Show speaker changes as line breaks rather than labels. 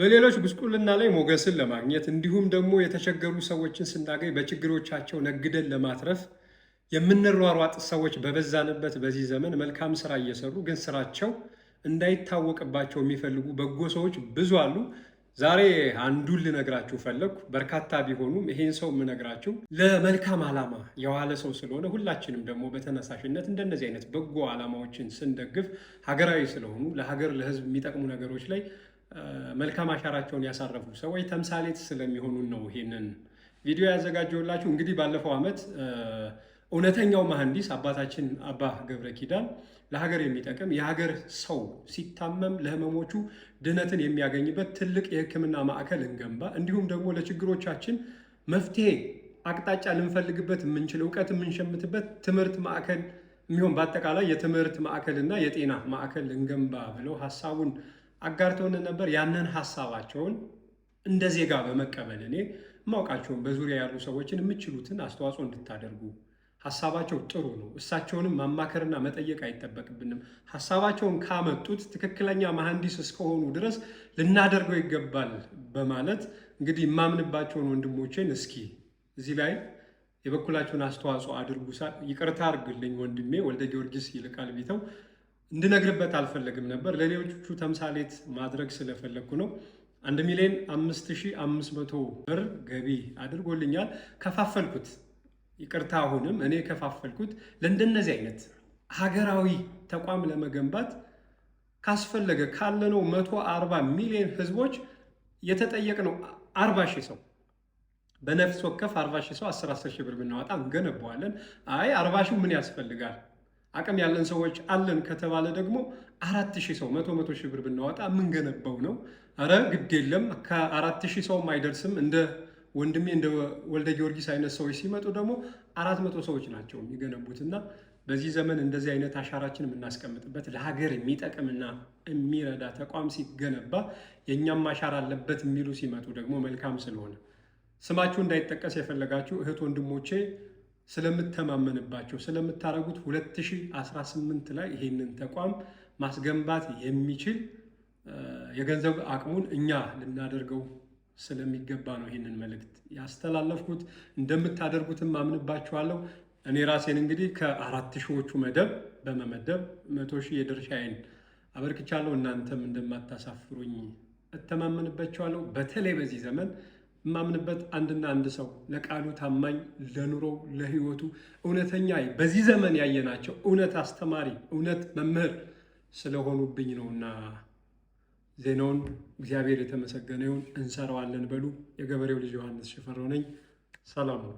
በሌሎች ጉስቁልና ላይ ሞገስን ለማግኘት እንዲሁም ደግሞ የተቸገሩ ሰዎችን ስናገኝ በችግሮቻቸው ነግደን ለማትረፍ የምንሯሯጥ ሰዎች በበዛንበት በዚህ ዘመን መልካም ስራ እየሰሩ ግን ስራቸው እንዳይታወቅባቸው የሚፈልጉ በጎ ሰዎች ብዙ አሉ። ዛሬ አንዱን ልነግራችሁ ፈለግኩ። በርካታ ቢሆኑም ይሄን ሰው የምነግራችሁ ለመልካም ዓላማ የዋለ ሰው ስለሆነ ሁላችንም ደግሞ በተነሳሽነት እንደነዚህ አይነት በጎ ዓላማዎችን ስንደግፍ ሀገራዊ ስለሆኑ ለሀገር ለሕዝብ የሚጠቅሙ ነገሮች ላይ መልካም አሻራቸውን ያሳረፉ ሰዎች ተምሳሌት ስለሚሆኑን ነው ይሄንን ቪዲዮ ያዘጋጀውላችሁ እንግዲህ ባለፈው ዓመት እውነተኛው መሐንዲስ አባታችን አባ ገብረ ኪዳን ለሀገር የሚጠቅም የሀገር ሰው ሲታመም ለህመሞቹ ድህነትን የሚያገኝበት ትልቅ የሕክምና ማዕከል እንገንባ፣ እንዲሁም ደግሞ ለችግሮቻችን መፍትሄ አቅጣጫ ልንፈልግበት የምንችል እውቀት የምንሸምትበት ትምህርት ማዕከል የሚሆን በአጠቃላይ የትምህርት ማዕከልና የጤና ማዕከል እንገንባ ብለው ሀሳቡን አጋርተውን ነበር። ያንን ሀሳባቸውን እንደ ዜጋ በመቀበል እኔ ማውቃቸውን በዙሪያ ያሉ ሰዎችን የምችሉትን አስተዋጽኦ እንድታደርጉ ሀሳባቸው ጥሩ ነው። እሳቸውንም ማማከርና መጠየቅ አይጠበቅብንም። ሀሳባቸውን ካመጡት ትክክለኛ መሐንዲስ እስከሆኑ ድረስ ልናደርገው ይገባል በማለት እንግዲህ የማምንባቸውን ወንድሞቼን እስኪ እዚህ ላይ የበኩላቸውን አስተዋጽኦ አድርጉ። ይቅርታ አድርግልኝ ወንድሜ ወልደ ጊዮርጊስ ይልቃል ቢተው እንድነግርበት አልፈለግም ነበር። ለሌሎቹ ተምሳሌት ማድረግ ስለፈለግኩ ነው። አንድ ሚሊዮን አምስት ሺ አምስት መቶ ብር ገቢ አድርጎልኛል። ከፋፈልኩት፣ ይቅርታ አሁንም እኔ ከፋፈልኩት ለእንደነዚህ አይነት ሀገራዊ ተቋም ለመገንባት ካስፈለገ ካለነው መቶ አርባ ሚሊዮን ህዝቦች የተጠየቅነው አርባ ሺህ ሰው በነፍስ ወከፍ አርባ ሺህ ሰው አስር አስር ሺህ ብር ብናወጣ እንገነባዋለን። አይ አርባ ሺህ ምን ያስፈልጋል አቅም ያለን ሰዎች አለን ከተባለ ደግሞ አራት ሺህ ሰው መቶ መቶ ሺህ ብር ብናወጣ የምንገነባው ነው። አረ ግድ የለም ከአራት ሺህ ሰውም አይደርስም። እንደ ወንድሜ እንደ ወልደ ጊዮርጊስ አይነት ሰዎች ሲመጡ ደግሞ አራት መቶ ሰዎች ናቸው የሚገነቡት እና በዚህ ዘመን እንደዚህ አይነት አሻራችን የምናስቀምጥበት ለሀገር የሚጠቅምና የሚረዳ ተቋም ሲገነባ የእኛም አሻራ አለበት የሚሉ ሲመጡ ደግሞ መልካም ስለሆነ ስማችሁ እንዳይጠቀስ የፈለጋችሁ እህት ወንድሞቼ ስለምተማመንባቸው ስለምታደርጉት 2018 ላይ ይህንን ተቋም ማስገንባት የሚችል የገንዘብ አቅሙን እኛ ልናደርገው ስለሚገባ ነው ይህንን መልእክት ያስተላለፍኩት። እንደምታደርጉትም አምንባችኋለሁ። እኔ ራሴን እንግዲህ ከአራት ሺዎቹ መደብ በመመደብ መቶ ሺህ የድርሻዬን አበርክቻለሁ። እናንተም እንደማታሳፍሩኝ እተማመንባችኋለሁ። በተለይ በዚህ ዘመን የማምንበት አንድና አንድ ሰው ለቃሉ ታማኝ፣ ለኑሮው፣ ለህይወቱ እውነተኛ በዚህ ዘመን ያየናቸው እውነት አስተማሪ፣ እውነት መምህር ስለሆኑብኝ ነውና ዜናውን እግዚአብሔር የተመሰገነ ይሁን። እንሰራዋለን በሉ። የገበሬው ልጅ ዮሐንስ ሽፈራው ነኝ። ሰላም ነው።